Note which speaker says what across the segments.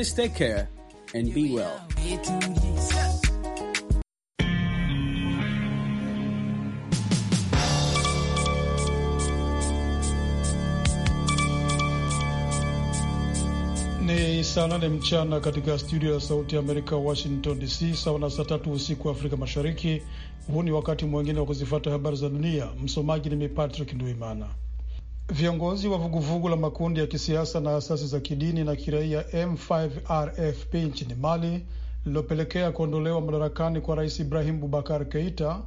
Speaker 1: Please take care and be well.
Speaker 2: Ni saa nane mchana katika studio ya Sauti ya Amerika, Washington DC, sawa na saa tatu usiku wa Afrika Mashariki. Huu ni wakati mwingine wa kuzifata habari za dunia. Msomaji ni mimi Patrick Nduimana. Viongozi wa vuguvugu la makundi ya kisiasa na asasi za kidini na kiraia M5RFP nchini Mali lililopelekea kuondolewa madarakani kwa Rais Ibrahim Bubakar Keita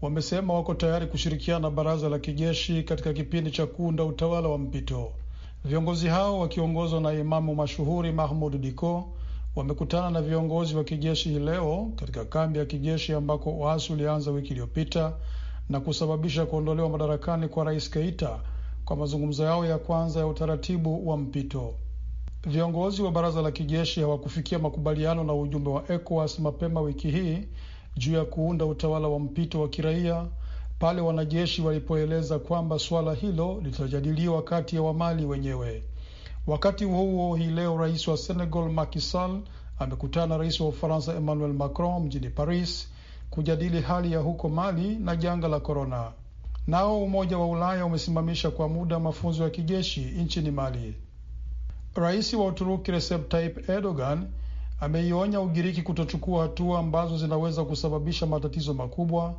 Speaker 2: wamesema wako tayari kushirikiana na baraza la kijeshi katika kipindi cha kuunda utawala wa mpito. Viongozi hao wakiongozwa na imamu mashuhuri Mahmud Diko wamekutana na viongozi wa kijeshi hii leo katika kambi ya kijeshi ambako waasi ulianza wiki iliyopita na kusababisha kuondolewa madarakani kwa Rais Keita kwa mazungumzo yao ya kwanza ya utaratibu wa mpito. Viongozi wa baraza la kijeshi hawakufikia makubaliano na ujumbe wa ECOWAS mapema wiki hii juu ya kuunda utawala wa mpito wa kiraia pale wanajeshi walipoeleza kwamba suala hilo litajadiliwa kati ya Wamali wenyewe. Wakati huo huo, hii leo rais wa Senegal Macky Sall amekutana na rais wa Ufaransa Emmanuel Macron mjini Paris kujadili hali ya huko Mali na janga la korona. Nao Umoja wa Ulaya umesimamisha kwa muda mafunzo ya kijeshi nchini Mali. Rais wa Uturuki Recep Tayyip Erdogan ameionya Ugiriki kutochukua hatua ambazo zinaweza kusababisha matatizo makubwa,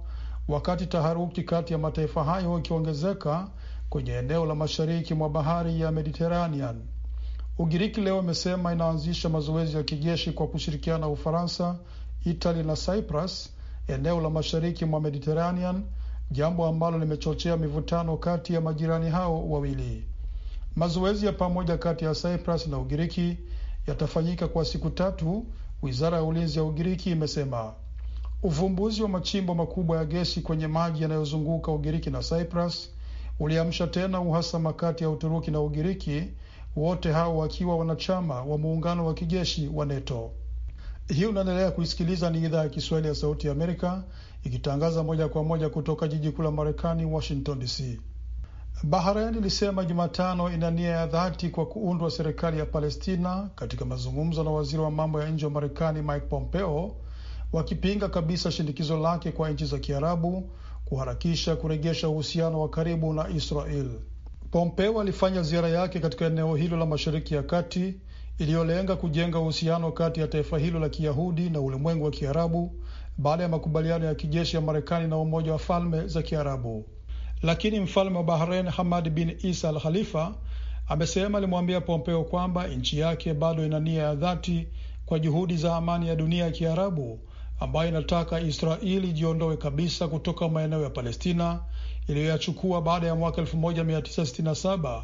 Speaker 2: wakati taharuki kati ya mataifa hayo ikiongezeka kwenye eneo la mashariki mwa bahari ya Mediteranean. Ugiriki leo imesema inaanzisha mazoezi ya kijeshi kwa kushirikiana na Ufaransa, Itali na Cyprus eneo la mashariki mwa Mediteranean jambo ambalo limechochea mivutano kati ya majirani hao wawili. Mazoezi ya pamoja kati ya Cyprus na Ugiriki yatafanyika kwa siku tatu, wizara ya ulinzi ya Ugiriki imesema. Uvumbuzi wa machimbo makubwa ya gesi kwenye maji yanayozunguka Ugiriki na Cyprus uliamsha tena uhasama kati ya Uturuki na Ugiriki, wote hao wakiwa wanachama wa muungano wa kijeshi wa NATO. Hii unaendelea kuisikiliza, ni idhaa ya Kiswahili ya Sauti ya Amerika ikitangaza moja kwa moja kutoka jiji kuu la Marekani, Washington DC. Bahrain ilisema Jumatano ina nia ya dhati kwa kuundwa serikali ya Palestina katika mazungumzo na waziri wa mambo ya nje wa Marekani Mike Pompeo, wakipinga kabisa shinikizo lake kwa nchi za Kiarabu kuharakisha kurejesha uhusiano wa karibu na Israel. Pompeo alifanya ziara yake katika eneo hilo la Mashariki ya Kati iliyolenga kujenga uhusiano kati ya taifa hilo la Kiyahudi na ulimwengu wa Kiarabu baada ya makubaliano ya kijeshi ya Marekani na Umoja wa Falme za Kiarabu. Lakini mfalme wa Bahrain Hamad bin Isa Al Khalifa amesema alimwambia Pompeo kwamba nchi yake bado ina nia ya dhati kwa juhudi za amani ya dunia ya Kiarabu ambayo inataka Israeli ijiondoe kabisa kutoka maeneo ya Palestina iliyoyachukua baada ya mwaka 1967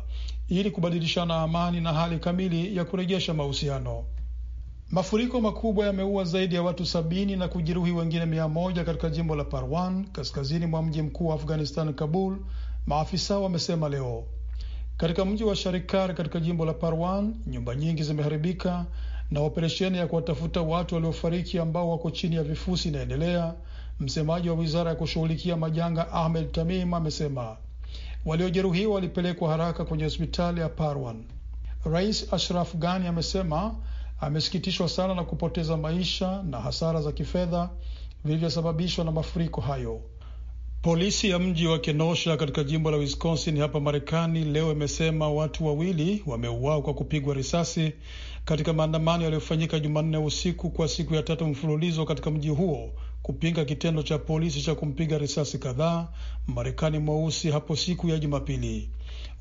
Speaker 2: ili kubadilishana amani na hali kamili ya kurejesha mahusiano. Mafuriko makubwa yameua zaidi ya watu sabini na kujeruhi wengine mia moja katika jimbo la Parwan kaskazini mwa mji mkuu wa Afghanistan, Kabul, maafisa wamesema leo. Katika mji wa Sharikar katika jimbo la Parwan, nyumba nyingi zimeharibika na operesheni ya kuwatafuta watu waliofariki ambao wako chini ya vifusi inaendelea. Msemaji wa wizara ya kushughulikia majanga Ahmed Tamim amesema waliojeruhiwa walipelekwa haraka kwenye hospitali ya Parwan. Rais Ashraf Ghani amesema amesikitishwa sana na kupoteza maisha na hasara za kifedha vilivyosababishwa na mafuriko hayo. Polisi ya mji wa Kenosha katika jimbo la Wisconsin hapa Marekani leo imesema watu wawili wameuawa kwa kupigwa risasi katika maandamano yaliyofanyika Jumanne usiku kwa siku ya tatu mfululizo katika mji huo kupinga kitendo cha polisi cha kumpiga risasi kadhaa Marekani mweusi hapo siku ya Jumapili.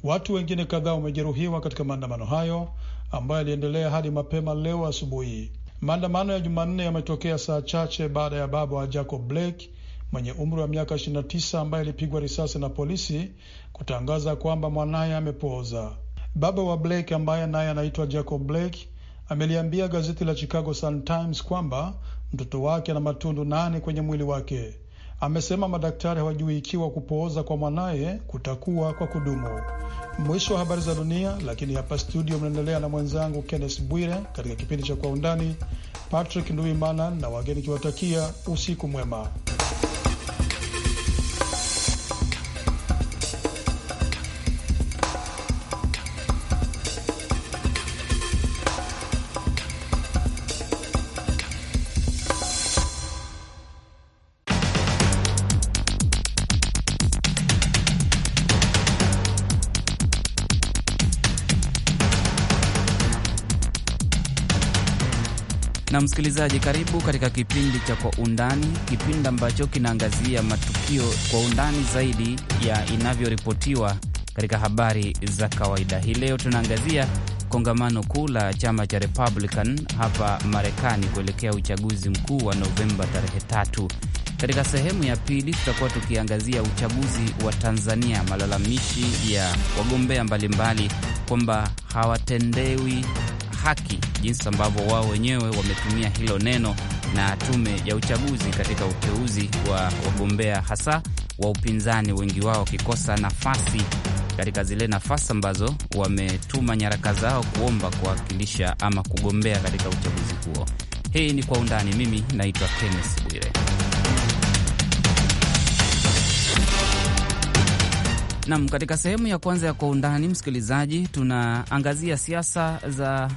Speaker 2: Watu wengine kadhaa wamejeruhiwa katika maandamano hayo ambayo yaliendelea hadi mapema leo asubuhi. Maandamano ya Jumanne yametokea saa chache baada ya baba wa Jacob Blake mwenye umri wa miaka 29 ambaye alipigwa risasi na polisi kutangaza kwamba mwanaye amepooza. Baba wa Blake ambaye naye anaitwa Jacob Blake ameliambia gazeti la Chicago Sun-Times kwamba mtoto wake ana matundu nane kwenye mwili wake amesema madaktari hawajui ikiwa kupooza kwa mwanaye kutakuwa kwa kudumu. Mwisho wa habari za dunia, lakini hapa studio mnaendelea na mwenzangu Kenneth Bwire katika kipindi cha Kwa Undani. Patrick Nduimana na wageni kiwatakia usiku mwema.
Speaker 1: na msikilizaji, karibu katika kipindi cha Kwa Undani, kipindi ambacho kinaangazia matukio kwa undani zaidi ya inavyoripotiwa katika habari za kawaida. Hii leo tunaangazia kongamano kuu la chama cha Republican hapa Marekani kuelekea uchaguzi mkuu wa Novemba tarehe tatu. Katika sehemu ya pili tutakuwa tukiangazia uchaguzi wa Tanzania, malalamishi ya wagombea mbalimbali kwamba hawatendewi haki, jinsi ambavyo wao wenyewe wametumia hilo neno na tume ya uchaguzi katika uteuzi wa wagombea hasa wa upinzani, wengi wao wakikosa nafasi katika zile nafasi ambazo wametuma nyaraka zao kuomba kuwakilisha ama kugombea katika uchaguzi huo. Hii ni Kwa Undani. Mimi naitwa Kennes Bwire. Nam, katika sehemu ya kwanza ya Kwa Undani, msikilizaji, tunaangazia siasa za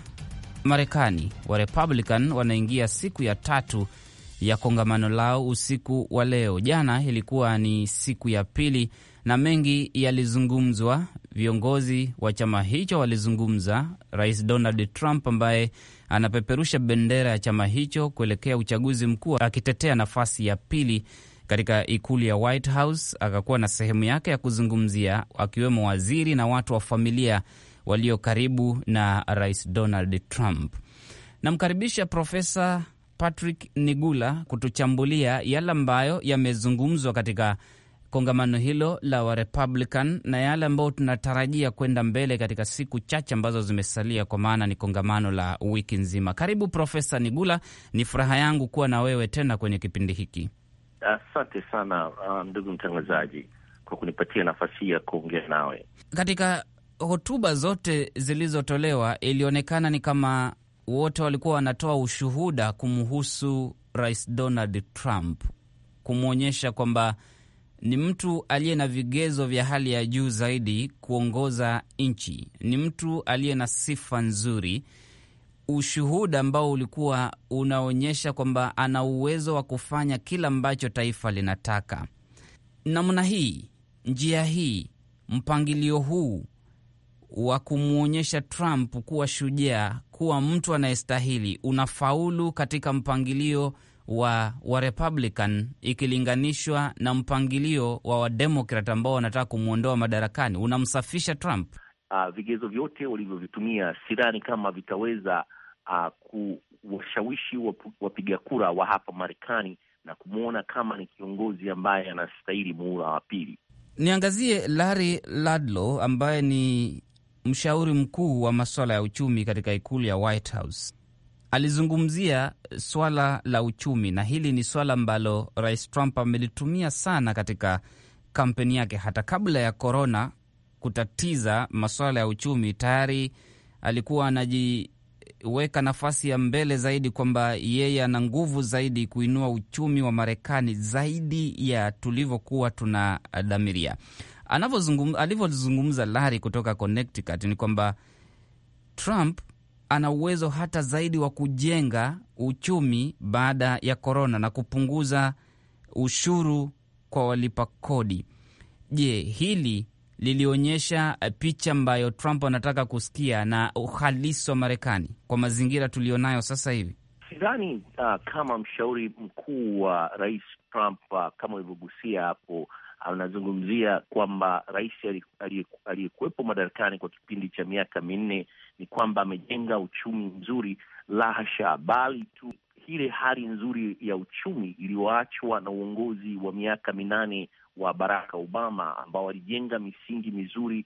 Speaker 1: Marekani, wa Republican wanaingia siku ya tatu ya kongamano lao usiku wa leo. Jana ilikuwa ni siku ya pili na mengi yalizungumzwa. Viongozi wa chama hicho walizungumza. Rais Donald Trump ambaye anapeperusha bendera ya chama hicho kuelekea uchaguzi mkuu, akitetea nafasi ya pili katika ikulu ya White House, akakuwa na sehemu yake ya kuzungumzia, akiwemo waziri na watu wa familia walio karibu na Rais Donald Trump. Namkaribisha Profesa Patrick Nigula kutuchambulia yale ambayo yamezungumzwa katika kongamano hilo la Warepublican na yale ambayo tunatarajia kwenda mbele katika siku chache ambazo zimesalia, kwa maana ni kongamano la wiki nzima. Karibu Profesa Nigula, ni furaha yangu kuwa na wewe tena kwenye kipindi hiki.
Speaker 3: Asante sana uh, ndugu mtangazaji kwa kunipatia nafasi ya kuongea nawe
Speaker 1: katika hotuba zote zilizotolewa ilionekana ni kama wote walikuwa wanatoa ushuhuda kumhusu Rais Donald Trump, kumwonyesha kwamba ni mtu aliye na vigezo vya hali ya juu zaidi kuongoza nchi, ni mtu aliye na sifa nzuri, ushuhuda ambao ulikuwa unaonyesha kwamba ana uwezo wa kufanya kila ambacho taifa linataka. Namna hii, njia hii, mpangilio huu wa kumwonyesha Trump kuwa shujaa, kuwa mtu anayestahili unafaulu katika mpangilio wa wa Republican ikilinganishwa na mpangilio wa Wademokrat ambao wanataka kumwondoa madarakani. Unamsafisha Trump.
Speaker 3: Uh, vigezo vyote walivyovitumia sidhani kama vitaweza uh, kuwashawishi wapiga kura wa hapa Marekani na kumwona kama ni kiongozi ambaye anastahili muhula wa pili.
Speaker 1: Niangazie Larry Ladlow ambaye ni mshauri mkuu wa masuala ya uchumi katika ikulu ya White House, alizungumzia swala la uchumi, na hili ni swala ambalo Rais Trump amelitumia sana katika kampeni yake. Hata kabla ya korona kutatiza masuala ya uchumi, tayari alikuwa anajiweka nafasi ya mbele zaidi kwamba yeye ana nguvu zaidi kuinua uchumi wa Marekani zaidi ya tulivyokuwa tunadhamiria alivyozungumza Larry kutoka Connecticut ni kwamba Trump ana uwezo hata zaidi wa kujenga uchumi baada ya korona na kupunguza ushuru kwa walipa kodi. Je, hili lilionyesha picha ambayo Trump anataka kusikia na uhalisi wa Marekani kwa mazingira tuliyonayo sasa hivi?
Speaker 3: Sidhani uh, kama mshauri mkuu wa uh, rais Trump uh, kama ulivyogusia hapo anazungumzia kwamba rais aliyekuwepo madarakani kwa kipindi cha miaka minne ni kwamba amejenga uchumi mzuri. La hasha, bali tu ile hali nzuri ya uchumi iliyoachwa na uongozi wa miaka minane wa Barack Obama ambao alijenga misingi mizuri,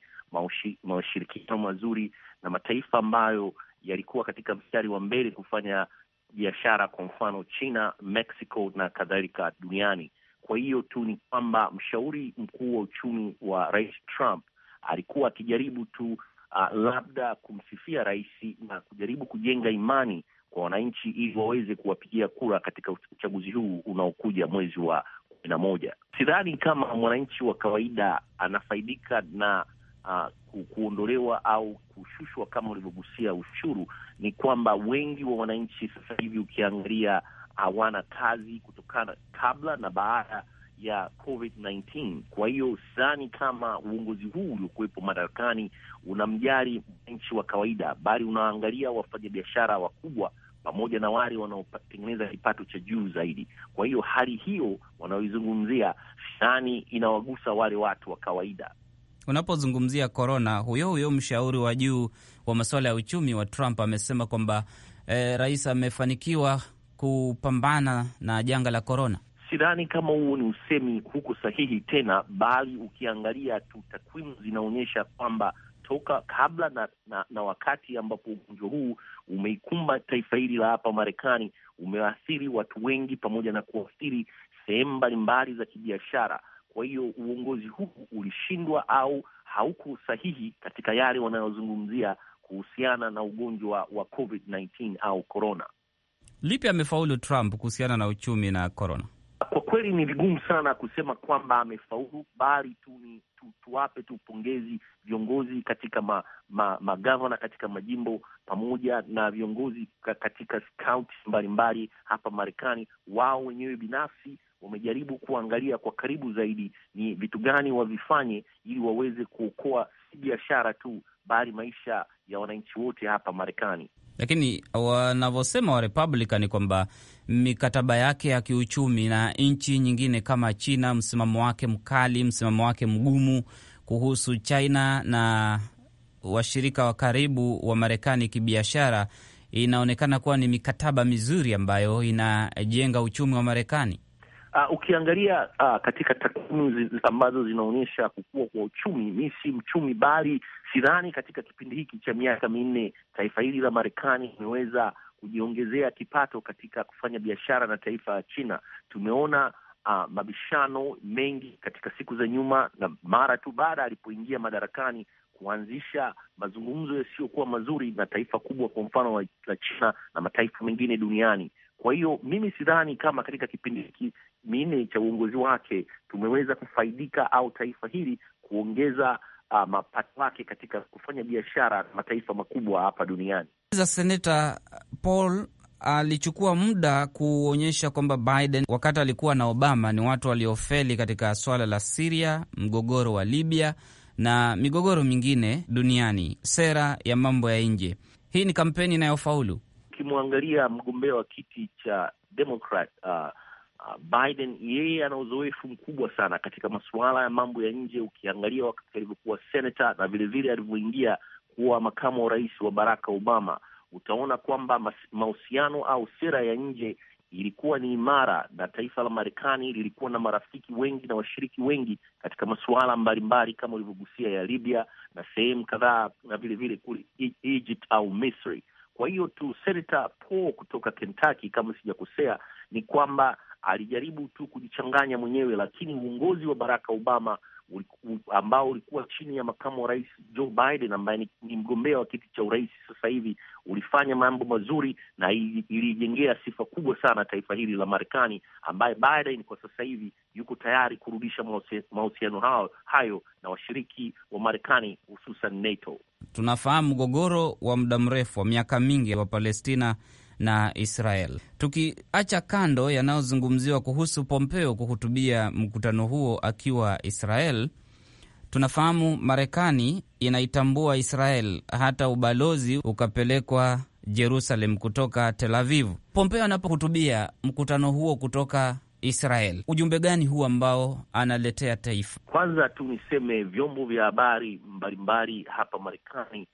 Speaker 3: mashirikiano mazuri na mataifa ambayo yalikuwa katika mstari wa mbele kufanya biashara, kwa mfano China, Mexico na kadhalika duniani. Kwa hiyo tu ni kwamba mshauri mkuu wa uchumi wa Rais Trump alikuwa akijaribu tu uh, labda kumsifia rais na kujaribu kujenga imani kwa wananchi ili waweze kuwapigia kura katika uchaguzi huu unaokuja mwezi wa kumi na moja. Sidhani kama mwananchi wa kawaida anafaidika na uh, kuondolewa au kushushwa kama ulivyogusia ushuru. Ni kwamba wengi wa wananchi sasa hivi ukiangalia hawana kazi kutokana kabla na baada ya COVID-19. Kwa hiyo sidhani kama uongozi huu uliokuwepo madarakani unamjali mwananchi wa kawaida, bali unaangalia wafanyabiashara wakubwa pamoja na wale wanaotengeneza kipato cha juu zaidi. Kwa hiyo hali hiyo wanaoizungumzia sidhani inawagusa wale watu wa kawaida.
Speaker 1: Unapozungumzia korona, huyo huyo mshauri wa juu wa masuala ya uchumi wa Trump amesema kwamba eh, rais amefanikiwa kupambana na janga la korona?
Speaker 3: Sidhani kama huo ni usemi huko sahihi tena, bali ukiangalia tu takwimu zinaonyesha kwamba toka kabla na, na, na wakati ambapo ugonjwa huu umeikumba taifa hili la hapa Marekani umeathiri watu wengi pamoja na kuathiri sehemu mbalimbali za kibiashara. Kwa hiyo uongozi huu ulishindwa au hauko sahihi katika yale wanayozungumzia kuhusiana na ugonjwa wa COVID-19 au corona.
Speaker 1: Lipi amefaulu Trump kuhusiana na uchumi na corona?
Speaker 3: Kwa kweli ni vigumu sana kusema kwamba amefaulu, bali tu ni tuwape tu pongezi viongozi katika ma, ma, magavana katika majimbo pamoja na viongozi katika kaunti mbalimbali hapa Marekani. Wao wenyewe binafsi wamejaribu kuangalia kwa karibu zaidi ni vitu gani wavifanye ili waweze kuokoa si biashara tu, bali maisha ya wananchi wote hapa Marekani
Speaker 1: lakini wanavyosema wa Republican ni kwamba mikataba yake ya kiuchumi na nchi nyingine kama China, msimamo wake mkali, msimamo wake mgumu kuhusu China na washirika wa karibu wa Marekani kibiashara, inaonekana kuwa ni mikataba mizuri ambayo inajenga uchumi wa Marekani.
Speaker 3: Uh, ukiangalia uh, katika takwimu ambazo zinaonyesha kukua kwa uchumi, mi si mchumi, bali sidhani katika kipindi hiki cha miaka minne taifa hili la Marekani imeweza kujiongezea kipato katika kufanya biashara na taifa la China. Tumeona uh, mabishano mengi katika siku za nyuma, na mara tu baada alipoingia madarakani kuanzisha mazungumzo yasiyokuwa mazuri na taifa kubwa, kwa mfano la China na mataifa mengine duniani. Kwa hiyo mimi sidhani kama katika kipindi hiki minne cha uongozi wake tumeweza kufaidika au taifa hili kuongeza uh, mapato yake katika kufanya biashara na mataifa makubwa hapa duniani.
Speaker 1: Seneta Paul alichukua muda kuonyesha kwamba Biden wakati alikuwa na Obama ni watu waliofeli katika swala la Siria, mgogoro wa Libya na migogoro mingine duniani, sera ya mambo ya nje. Hii ni kampeni inayofaulu.
Speaker 3: Ukimwangalia mgombea wa kiti cha Democrat uh, Ah, Biden yeye ana uzoefu mkubwa sana katika masuala ya mambo ya nje. Ukiangalia wakati alivyokuwa senata na vilevile alivyoingia kuwa makamu wa rais wa Barack Obama, utaona kwamba mahusiano au sera ya nje ilikuwa ni imara, na taifa la Marekani lilikuwa na marafiki wengi na washiriki wengi katika masuala mbalimbali kama ulivyogusia ya Libya na sehemu kadhaa na vilevile kule e-, Egypt au Misri. Kwa hiyo tu Senator Paul kutoka Kentucky, kama sijakosea, ni kwamba alijaribu tu kujichanganya mwenyewe, lakini uongozi wa Barack Obama ambao ulikuwa chini ya makamu wa rais Joe Biden ambaye ni, ni mgombea wa kiti cha urais sasa hivi ulifanya mambo mazuri na ilijengea sifa kubwa sana taifa hili la Marekani, ambaye Biden kwa sasa hivi yuko tayari kurudisha mahusiano hayo na washiriki wa Marekani hususan NATO.
Speaker 1: Tunafahamu mgogoro wa muda mrefu wa miaka mingi wa Palestina na Israel. Tukiacha kando yanayozungumziwa kuhusu Pompeo kuhutubia mkutano huo akiwa Israel, tunafahamu Marekani inaitambua Israel, hata ubalozi ukapelekwa Jerusalem kutoka Tel Aviv. Pompeo anapohutubia mkutano huo kutoka Israel, ujumbe gani huu ambao analetea taifa?
Speaker 3: Kwanza tu niseme vyombo vya habari mbalimbali hapa Marekani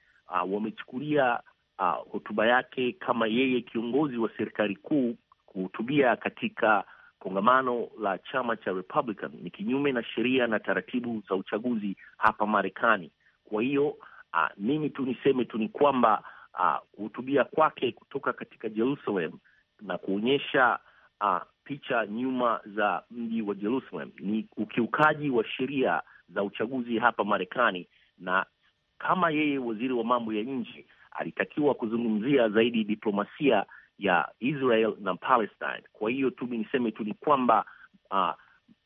Speaker 3: uh, wamechukulia Uh, hotuba uh, yake kama yeye kiongozi wa serikali kuu kuhutubia katika kongamano la chama cha Republican ni kinyume na sheria na taratibu za uchaguzi hapa Marekani. Kwa hiyo uh, mimi tu niseme tu ni kwamba uh, kuhutubia uh, kwake kutoka katika Jerusalem na kuonyesha uh, picha nyuma za mji wa Jerusalem ni ukiukaji wa sheria za uchaguzi hapa Marekani, na kama yeye waziri wa mambo ya nje alitakiwa kuzungumzia zaidi diplomasia ya Israel na Palestine. Kwa hiyo tu niseme tu ni kwamba uh,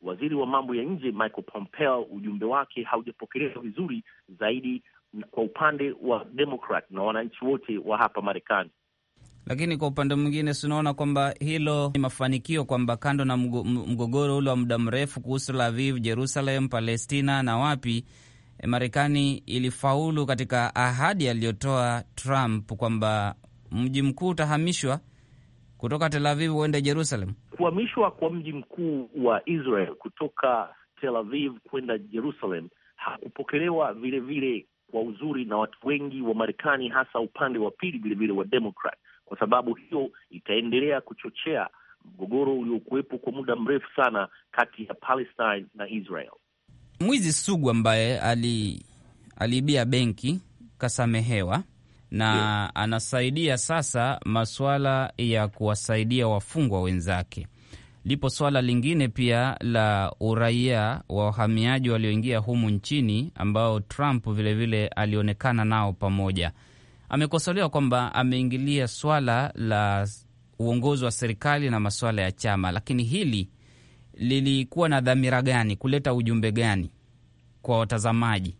Speaker 3: waziri wa mambo ya nje Michael Pompeo, ujumbe wake haujapokelewa vizuri zaidi kwa upande wa Demokrat na wananchi wote wa hapa Marekani.
Speaker 1: Lakini kwa upande mwingine, tunaona kwamba hilo ni mafanikio kwamba kando na mgogoro ule wa muda mrefu kuhusu Tel Aviv, Jerusalem, Palestina na wapi E, Marekani ilifaulu katika ahadi aliyotoa Trump kwamba mji mkuu utahamishwa kutoka Tel Aviv uende Jerusalem.
Speaker 3: Kuhamishwa kwa mji mkuu wa Israel kutoka Tel Aviv kwenda Jerusalem hakupokelewa vilevile kwa uzuri na watu wengi wa Marekani, hasa upande wa pili vilevile wa Democrat, kwa sababu hiyo itaendelea kuchochea mgogoro uliokuwepo kwa muda mrefu sana kati ya Palestine na Israel.
Speaker 1: Mwizi sugu ambaye aliibia benki kasamehewa na yeah, anasaidia sasa masuala ya kuwasaidia wafungwa wenzake. Lipo swala lingine pia la uraia wa wahamiaji walioingia humu nchini ambao Trump vilevile vile alionekana nao pamoja. Amekosolewa kwamba ameingilia swala la uongozi wa serikali na masuala ya chama, lakini hili lilikuwa na dhamira gani, kuleta ujumbe gani kwa watazamaji?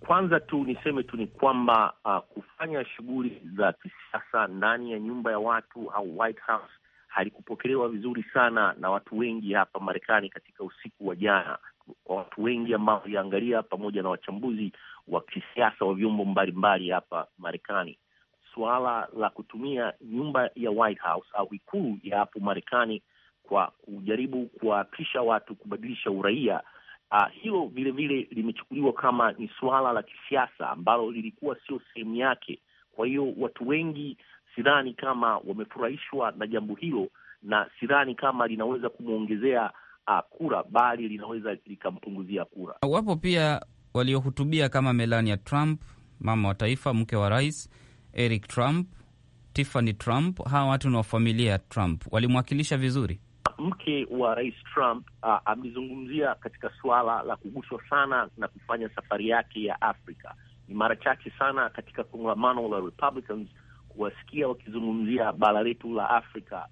Speaker 2: Kwanza
Speaker 3: tu niseme tu ni kwamba uh, kufanya shughuli za kisiasa ndani ya nyumba ya watu au White House halikupokelewa vizuri sana na watu wengi hapa Marekani katika usiku wa jana. Kwa watu wengi ambao waliangalia, pamoja na wachambuzi wa kisiasa wa vyombo mbalimbali hapa Marekani, suala la kutumia nyumba ya White House au ikulu ya hapo Marekani kwa kujaribu kuwaapisha watu kubadilisha uraia. Uh, hilo vilevile limechukuliwa kama ni suala la kisiasa ambalo lilikuwa sio sehemu yake. Kwa hiyo watu wengi sidhani kama wamefurahishwa na jambo hilo, na sidhani kama linaweza kumwongezea uh, ah, kura, bali linaweza likampunguzia kura.
Speaker 1: Wapo pia waliohutubia kama Melania Trump, mama wa taifa, mke wa rais, Eric Trump, Tiffany Trump. Hawa watu ni wa familia ya Trump, walimwakilisha vizuri
Speaker 3: mke wa rais Trump uh, amezungumzia katika suala la kuguswa sana na kufanya safari yake ya Afrika. Ni mara chache sana katika kongamano la Republicans kuwasikia wakizungumzia bara letu la Afrika.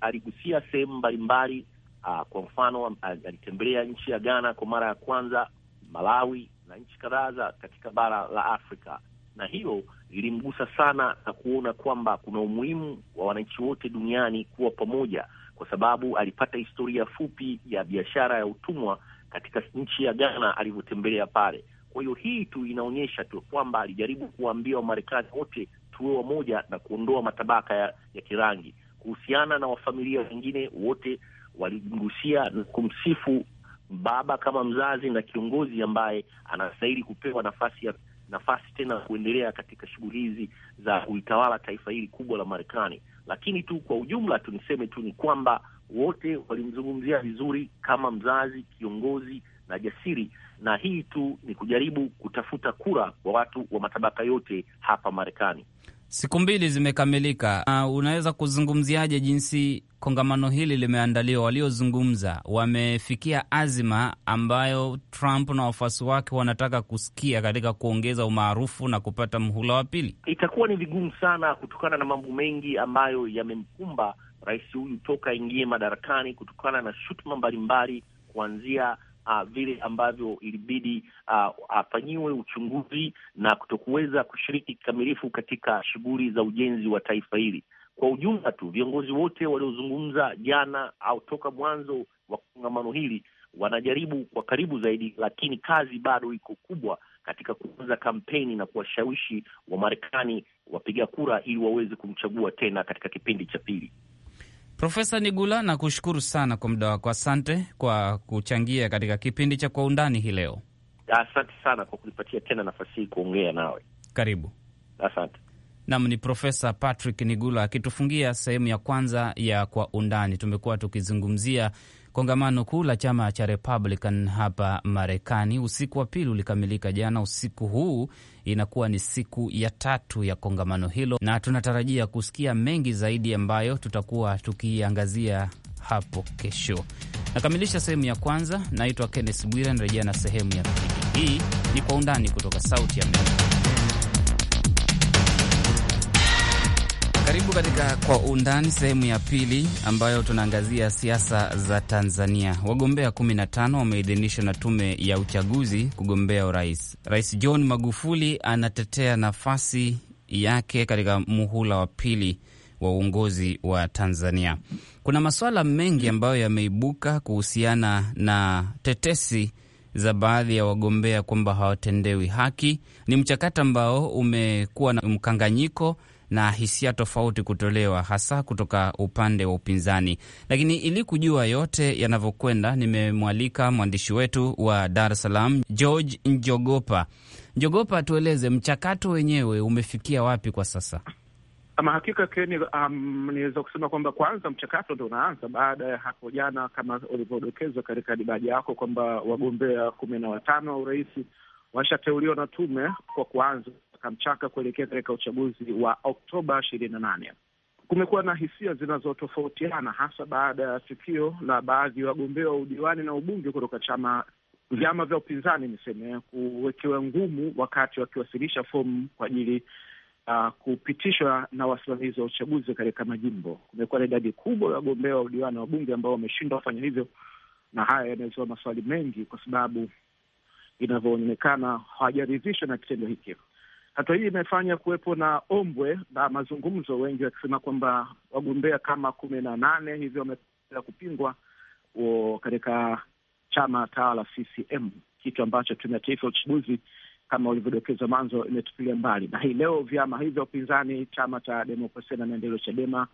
Speaker 3: Aligusia sehemu mbalimbali uh, kwa mfano alitembelea nchi ya Ghana kwa mara ya kwanza, Malawi na nchi kadhaa za katika bara la Afrika, na hiyo ilimgusa sana na kuona kwamba kuna umuhimu wa wananchi wote duniani kuwa pamoja kwa sababu alipata historia fupi ya biashara ya utumwa katika nchi ya Ghana alivyotembelea pale. Kwa hiyo hii tu inaonyesha tu kwamba alijaribu kuwaambia Wamarekani wote tuwe wamoja na kuondoa matabaka ya, ya kirangi. Kuhusiana na wafamilia wengine wote waligusia na kumsifu baba kama mzazi na kiongozi ambaye anastahili kupewa nafasi ya nafasi tena kuendelea katika shughuli hizi za kuitawala taifa hili kubwa la Marekani lakini tu kwa ujumla tu niseme tu ni kwamba wote walimzungumzia vizuri kama mzazi, kiongozi na jasiri, na hii tu ni kujaribu kutafuta kura kwa watu wa matabaka yote hapa Marekani.
Speaker 1: Siku mbili zimekamilika. Uh, unaweza kuzungumziaje jinsi kongamano hili limeandaliwa? Waliozungumza wamefikia azima ambayo Trump na wafuasi wake wanataka kusikia katika kuongeza umaarufu na kupata mhula wa pili?
Speaker 3: Itakuwa ni vigumu sana kutokana na mambo mengi ambayo yamemkumba rais huyu toka ingie madarakani, kutokana na shutuma mbalimbali kuanzia uh, vile ambavyo ilibidi uh, afanyiwe uchunguzi na kutokuweza kushiriki kikamilifu katika shughuli za ujenzi wa taifa hili kwa ujumla. Tu viongozi wote waliozungumza jana au toka mwanzo wa kongamano hili wanajaribu kwa karibu zaidi, lakini kazi bado iko kubwa katika kuanza kampeni na kuwashawishi Wamarekani wapiga kura ili waweze kumchagua tena katika kipindi cha pili.
Speaker 1: Profesa Nigula, nakushukuru sana kwa muda wako. Asante kwa kuchangia katika kipindi cha Kwa Undani hii leo.
Speaker 3: Asante sana kwa kunipatia tena nafasi hii kuongea nawe.
Speaker 1: Karibu. Asante. Nam ni Profesa Patrick Nigula akitufungia sehemu ya kwanza ya Kwa Undani. Tumekuwa tukizungumzia kongamano kuu la chama cha Republican hapa Marekani. Usiku wa pili ulikamilika jana. Usiku huu inakuwa ni siku ya tatu ya kongamano hilo, na tunatarajia kusikia mengi zaidi ambayo tutakuwa tukiangazia hapo kesho. Nakamilisha sehemu ya kwanza. Naitwa Kenneth Bwire, narejea na sehemu ya pili. Hii ni Kwa Undani kutoka Sauti ya Amerika. katika Kwa Undani sehemu ya pili ambayo tunaangazia siasa za Tanzania. Wagombea 15 wameidhinishwa na Tume ya Uchaguzi kugombea urais. Rais John Magufuli anatetea nafasi yake katika muhula wa pili wa uongozi wa Tanzania. Kuna masuala mengi ambayo yameibuka kuhusiana na tetesi za baadhi ya wagombea kwamba hawatendewi haki. Ni mchakato ambao umekuwa na mkanganyiko na hisia tofauti kutolewa hasa kutoka upande wa upinzani. Lakini ili kujua yote yanavyokwenda, nimemwalika mwandishi wetu wa Dar es Salaam George Njogopa. Njogopa, tueleze mchakato wenyewe umefikia wapi kwa sasa?
Speaker 4: Ama hakika Keni, um, niweza kusema kwamba kwanza mchakato ndo unaanza baada ya hapo jana, kama ulivyodokezwa katika dibaji yako kwamba wagombea kumi na watano wa urais washateuliwa na tume kwa kuanza mchaka kuelekea katika uchaguzi wa Oktoba ishirini na nane. Kumekuwa na hisia zinazotofautiana hasa baada ya tukio la baadhi ya wagombea wa udiwani na ubunge kutoka chama vyama vya upinzani niseme kuwekewa ngumu wakati wakiwasilisha fomu kwa ajili uh, kupitishwa na wasimamizi wa uchaguzi katika majimbo. Kumekuwa na idadi kubwa ya wagombea wa udiwani na wabunge ambao wameshindwa kufanya hivyo, na haya yanazua maswali mengi, kwa sababu inavyoonekana hawajaridhishwa na kitendo hiki. Hatua hii imefanya kuwepo na ombwe na mazungumzo, wengi wakisema kwamba wagombea kama kumi na nane hivyo wameweza kupingwa katika chama tawala CCM, kitu ambacho tume ya taifa ya uchaguzi kama ulivyodokeza mwanzo imetupilia mbali. Na hii leo vyama hivyo vya upinzani, chama cha demokrasia na maendeleo Chadema,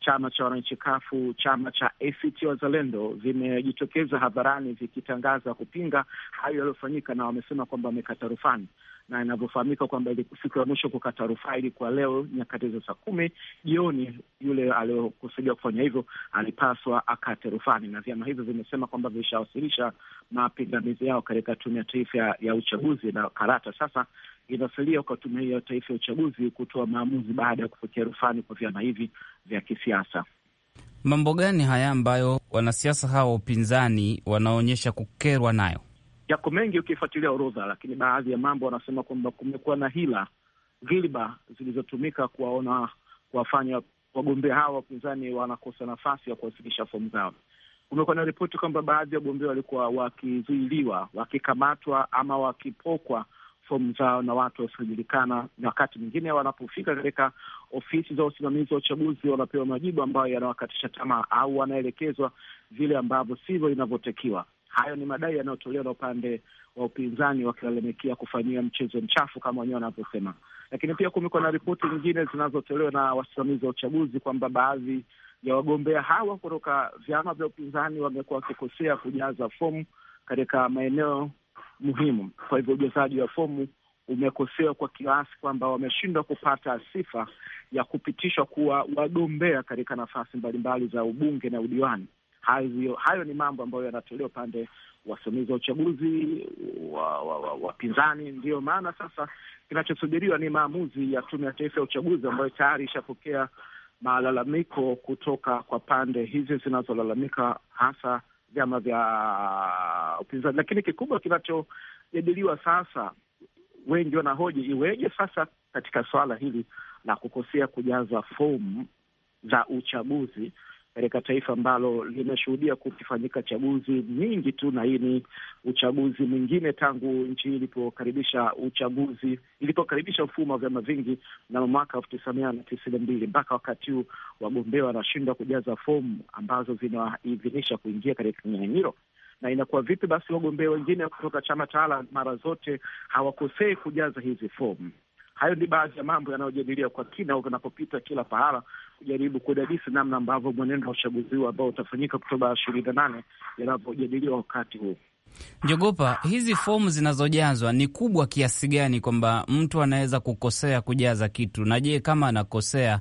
Speaker 4: chama cha wananchi Kafu, chama cha ACT Wazalendo vimejitokeza hadharani vikitangaza kupinga hayo yaliyofanyika, na wamesema kwamba wamekata rufani na inavyofahamika kwamba siku ya mwisho kukata rufaa ilikuwa leo nyakati za saa kumi jioni. Yule aliyokusudia kufanya hivyo alipaswa akate rufani, na vyama hivyo vimesema kwamba vishawasilisha mapingamizi yao katika tume ya taifa ya uchaguzi, na karata sasa inasalia kwa tume hiyo ya taifa ya uchaguzi kutoa maamuzi baada ya kupokea rufani kwa vyama hivi vya kisiasa.
Speaker 1: Mambo gani haya ambayo wanasiasa hawa wa upinzani wanaonyesha kukerwa nayo?
Speaker 4: yako mengi ukifuatilia orodha, lakini baadhi ya mambo wanasema kwamba kumekuwa na hila, ghilba zilizotumika kuwaona kuwafanya wagombea hawa wapinzani wanakosa nafasi ya kuwasilisha fomu zao. Kumekuwa na ripoti kwamba baadhi ya wagombea walikuwa wakizuiliwa, wakikamatwa ama wakipokwa fomu zao na watu wasiojulikana, na wakati mwingine wanapofika katika ofisi za usimamizi wa uchaguzi wanapewa majibu ambayo yanawakatisha tamaa au wanaelekezwa vile ambavyo sivyo inavyotakiwa. Hayo ni madai yanayotolewa na upande wa upinzani wakilalamikia kufanyia mchezo mchafu kama wenyewe wanavyosema. Lakini pia kumekuwa na ripoti nyingine zinazotolewa na wasimamizi wa uchaguzi kwamba baadhi ya wagombea hawa kutoka vyama vya upinzani wamekuwa wakikosea kujaza fomu katika maeneo muhimu. Kwa hivyo ujazaji wa fomu umekosewa kwa kiasi kwamba wameshindwa kupata sifa ya kupitishwa kuwa wagombea katika nafasi mbalimbali za ubunge na udiwani hayo, hayo ni mambo ambayo yanatolewa upande wasimamizi wa uchaguzi wapinzani wa, wa, wa ndiyo maana sasa kinachosubiriwa ni maamuzi ya Tume ya Taifa ya Uchaguzi ambayo tayari ishapokea malalamiko kutoka kwa pande hizi zinazolalamika hasa vyama vya upinzani. Lakini kikubwa kinachojadiliwa sasa, wengi wanahoji iweje sasa katika swala hili la kukosea kujaza fomu za uchaguzi katika taifa ambalo limeshuhudia kukifanyika chaguzi nyingi tu, na hii ni uchaguzi mwingine tangu nchi hii ilipokaribisha uchaguzi, ilipokaribisha mfumo wa vyama vingi mnamo mwaka elfu tisa mia na tisini mbili mpaka wakati huu wagombea wanashindwa kujaza fomu ambazo zinawaidhinisha kuingia katika kinyang'anyiro na inakuwa vipi basi wagombea wengine kutoka chama tawala mara zote hawakosei kujaza hizi fomu? Hayo ni baadhi ya mambo yanayojadilia kwa kina unapopita kila pahala kujaribu kudadisi namna ambavyo mwenendo wa uchaguzi huu ambao utafanyika Oktoba ishirini na nane yanavyojadiliwa wakati huu.
Speaker 1: Njogopa, hizi fomu zinazojazwa ni kubwa kiasi gani kwamba mtu anaweza kukosea kujaza kitu? Na je, kama anakosea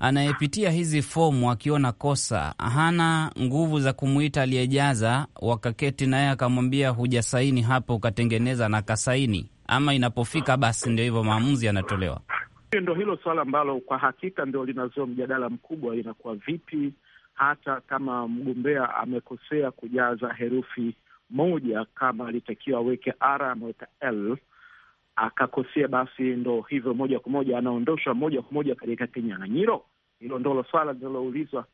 Speaker 1: anayepitia hizi fomu akiona kosa, hana nguvu za kumwita aliyejaza wakaketi naye akamwambia hujasaini hapo ukatengeneza na kasaini? ama inapofika basi ndio hivyo maamuzi yanatolewa?
Speaker 4: Ndo hilo swala ambalo kwa hakika ndio linazua mjadala mkubwa. Inakuwa vipi hata kama mgombea amekosea kujaza herufi moja, kama alitakiwa aweke R ameweka L akakosea, basi ndo hivyo moja kwa moja anaondoshwa moja kwa moja katika kinyang'anyiro. Hilo ndolo swala linaloulizwa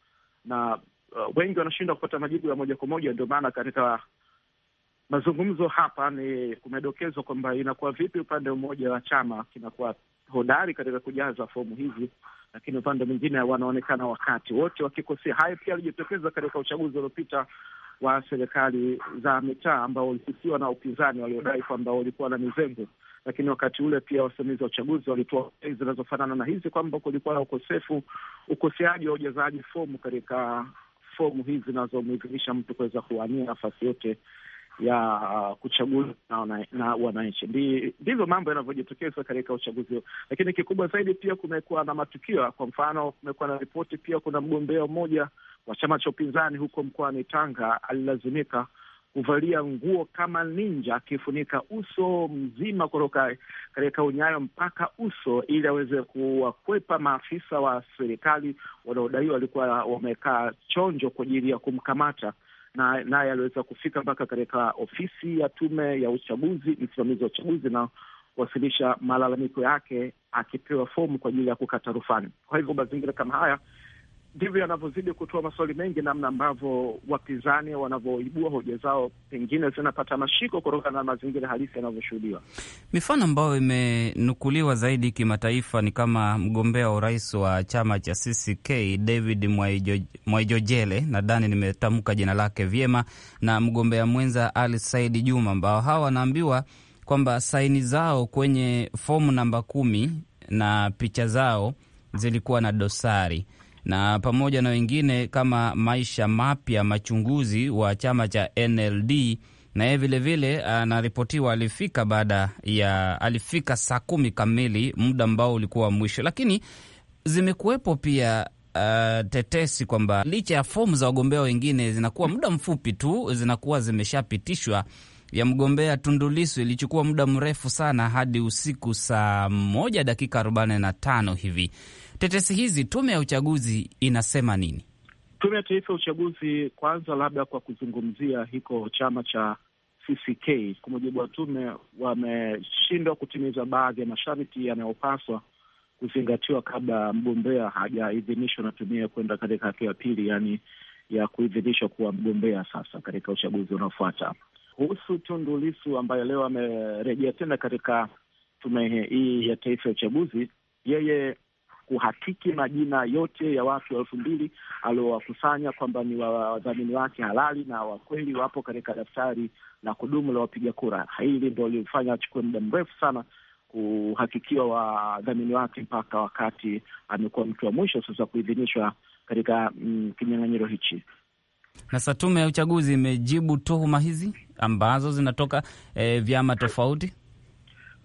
Speaker 4: na uh, wengi wanashindwa kupata majibu ya moja kwa moja. Ndio maana katika mazungumzo hapa ni kumedokezwa kwamba inakuwa vipi upande mmoja wa chama kinakuwa hodari katika kujaza fomu hizi, lakini upande mwingine wanaonekana wakati wote wakikosea. Hayo pia alijitokeza katika uchaguzi uliopita wa serikali za mitaa ambao walihisiwa na upinzani waliodai kwamba walikuwa na mizengo, lakini wakati ule pia wasimamizi wa uchaguzi walitoa zinazofanana na hizi kwamba kulikuwa na ukosefu, ukoseaji wa ujazaji fomu katika fomu hizi zinazomwidhinisha mtu kuweza kuwania nafasi yote ya uh, na, na, na wananchi. Ndivyo mambo yanavyojitokeza katika uchaguzi huo, lakini kikubwa zaidi pia kumekuwa na matukio. Kwa mfano, kumekuwa na ripoti pia, kuna mgombea mmoja wa chama cha upinzani huko mkoani Tanga alilazimika kuvalia nguo kama ninja akifunika uso mzima kutoka katika unyayo mpaka uso ili aweze kuwakwepa maafisa wa serikali wanaodaiwa walikuwa wamekaa chonjo kwa ajili ya kumkamata naye aliweza kufika mpaka katika ofisi ya tume ya uchaguzi, msimamizi wa uchaguzi na kuwasilisha malalamiko yake, akipewa fomu kwa ajili ya kukata rufani. Kwa hivyo mazingira kama haya ndivyo yanavyozidi kutoa maswali mengi, namna ambavyo wapinzani wanavyoibua hoja zao pengine zinapata mashiko kutokana na mazingira halisi yanavyoshuhudiwa.
Speaker 1: Mifano ambayo imenukuliwa zaidi kimataifa ni kama mgombea wa urais wa chama cha CCK David Mwaijojele, nadhani nimetamka jina lake vyema, na mgombea mwenza Ali Saidi Juma, ambao hawa wanaambiwa kwamba saini zao kwenye fomu namba kumi na picha zao zilikuwa na dosari na pamoja na wengine kama Maisha Mapya Machunguzi wa chama cha NLD naye vilevile anaripotiwa alifika baada ya alifika saa kumi kamili, muda ambao ulikuwa mwisho. Lakini zimekuwepo pia uh, tetesi kwamba licha ya fomu za wagombea wengine zinakuwa muda mfupi tu zinakuwa zimeshapitishwa, ya mgombea Tundulisu ilichukua muda mrefu sana hadi usiku saa moja dakika arobaini na tano hivi. Tetesi hizi, tume ya uchaguzi inasema nini?
Speaker 4: Tume ya Taifa ya Uchaguzi, kwanza labda kwa kuzungumzia hiko chama cha CCK, kwa mujibu wa tume, wameshindwa kutimiza baadhi ya masharti yanayopaswa kuzingatiwa kabla mgombea hajaidhinishwa na tume kwenda katika hatua ya pili, yaani ya kuidhinishwa kuwa mgombea sasa katika uchaguzi unaofuata. Kuhusu Tundu Lissu ambaye leo amerejea tena katika tume hii ya taifa ya uchaguzi, yeye kuhakiki majina yote ya watu elfu mbili aliowakusanya kwamba ni wadhamini wake halali na wakweli wapo katika daftari la kudumu la wapiga kura. Hili ndo lilifanya achukue muda mrefu sana kuhakikiwa wadhamini wake mpaka wakati amekuwa mtu wa mwisho sasa kuidhinishwa katika mm, kinyang'anyiro hichi.
Speaker 1: Na sasa tume ya uchaguzi imejibu tuhuma hizi ambazo zinatoka e, vyama tofauti.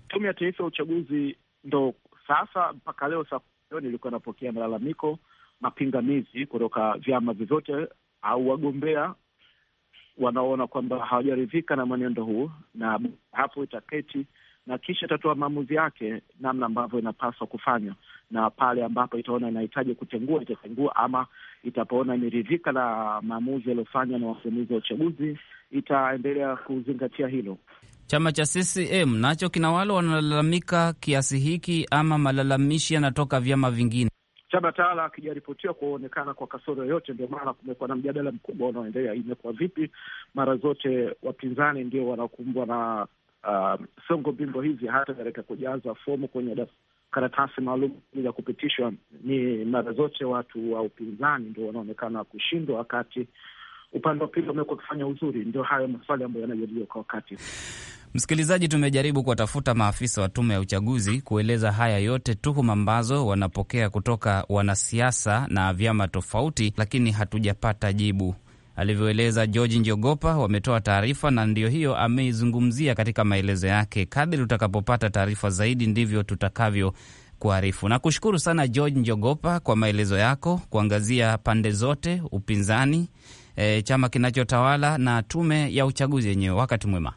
Speaker 4: Tume ya Taifa ya Uchaguzi ndo sasa mpaka leo saa nilikuwa napokea malalamiko, mapingamizi kutoka vyama vyovyote au wagombea wanaoona kwamba hawajaridhika na mwenendo huu, na hapo itaketi na kisha itatoa maamuzi yake namna ambavyo inapaswa kufanywa, na pale ambapo itaona inahitaji kutengua itatengua, ama itapoona imeridhika na maamuzi yaliyofanywa na wasimamizi wa uchaguzi itaendelea kuzingatia hilo.
Speaker 1: Chama cha CCM nacho kina wale wanalalamika kiasi hiki, ama malalamishi yanatoka vyama vingine?
Speaker 4: Chama tawala akijaripotiwa kuonekana kwa kasoro yoyote, ndio maana kumekuwa na mjadala mkubwa unaoendelea, imekuwa vipi. Mara zote wapinzani ndio wanakumbwa na uh, songo bimbo hizi, hata katika kujaza fomu kwenye da karatasi maalum ya kupitishwa, ni mara zote watu wa upinzani ndio wanaonekana kushindwa, wakati upande wa pili wamekuwa wakifanya uzuri. Ndio hayo maswali ambayo yanajadiliwa kwa wakati.
Speaker 1: Msikilizaji, tumejaribu kuwatafuta maafisa wa tume ya uchaguzi kueleza haya yote, tuhuma ambazo wanapokea kutoka wanasiasa na vyama tofauti, lakini hatujapata jibu. Alivyoeleza George Njogopa, wametoa taarifa na ndio hiyo ameizungumzia katika maelezo yake. Kadri utakapopata taarifa zaidi, ndivyo tutakavyo kuharifu. Na kushukuru sana George Njogopa kwa maelezo yako, kuangazia pande zote, upinzani e, chama kinachotawala na tume ya uchaguzi yenyewe. Wakati mwema,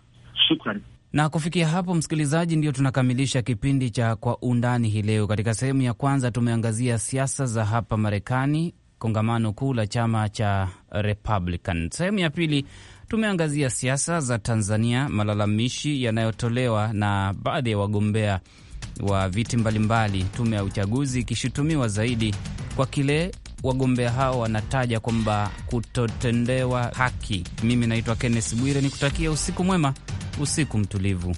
Speaker 1: shukran. Na kufikia hapo, msikilizaji, ndio tunakamilisha kipindi cha Kwa Undani hii leo. Katika sehemu ya kwanza tumeangazia siasa za hapa Marekani, kongamano kuu la chama cha Republican. Sehemu ya pili tumeangazia siasa za Tanzania, malalamishi yanayotolewa na baadhi ya wagombea wa viti mbalimbali, tume ya uchaguzi ikishutumiwa zaidi kwa kile wagombea hao wanataja kwamba kutotendewa haki. Mimi naitwa Kenneth Bwire, nikutakia usiku mwema, usiku mtulivu.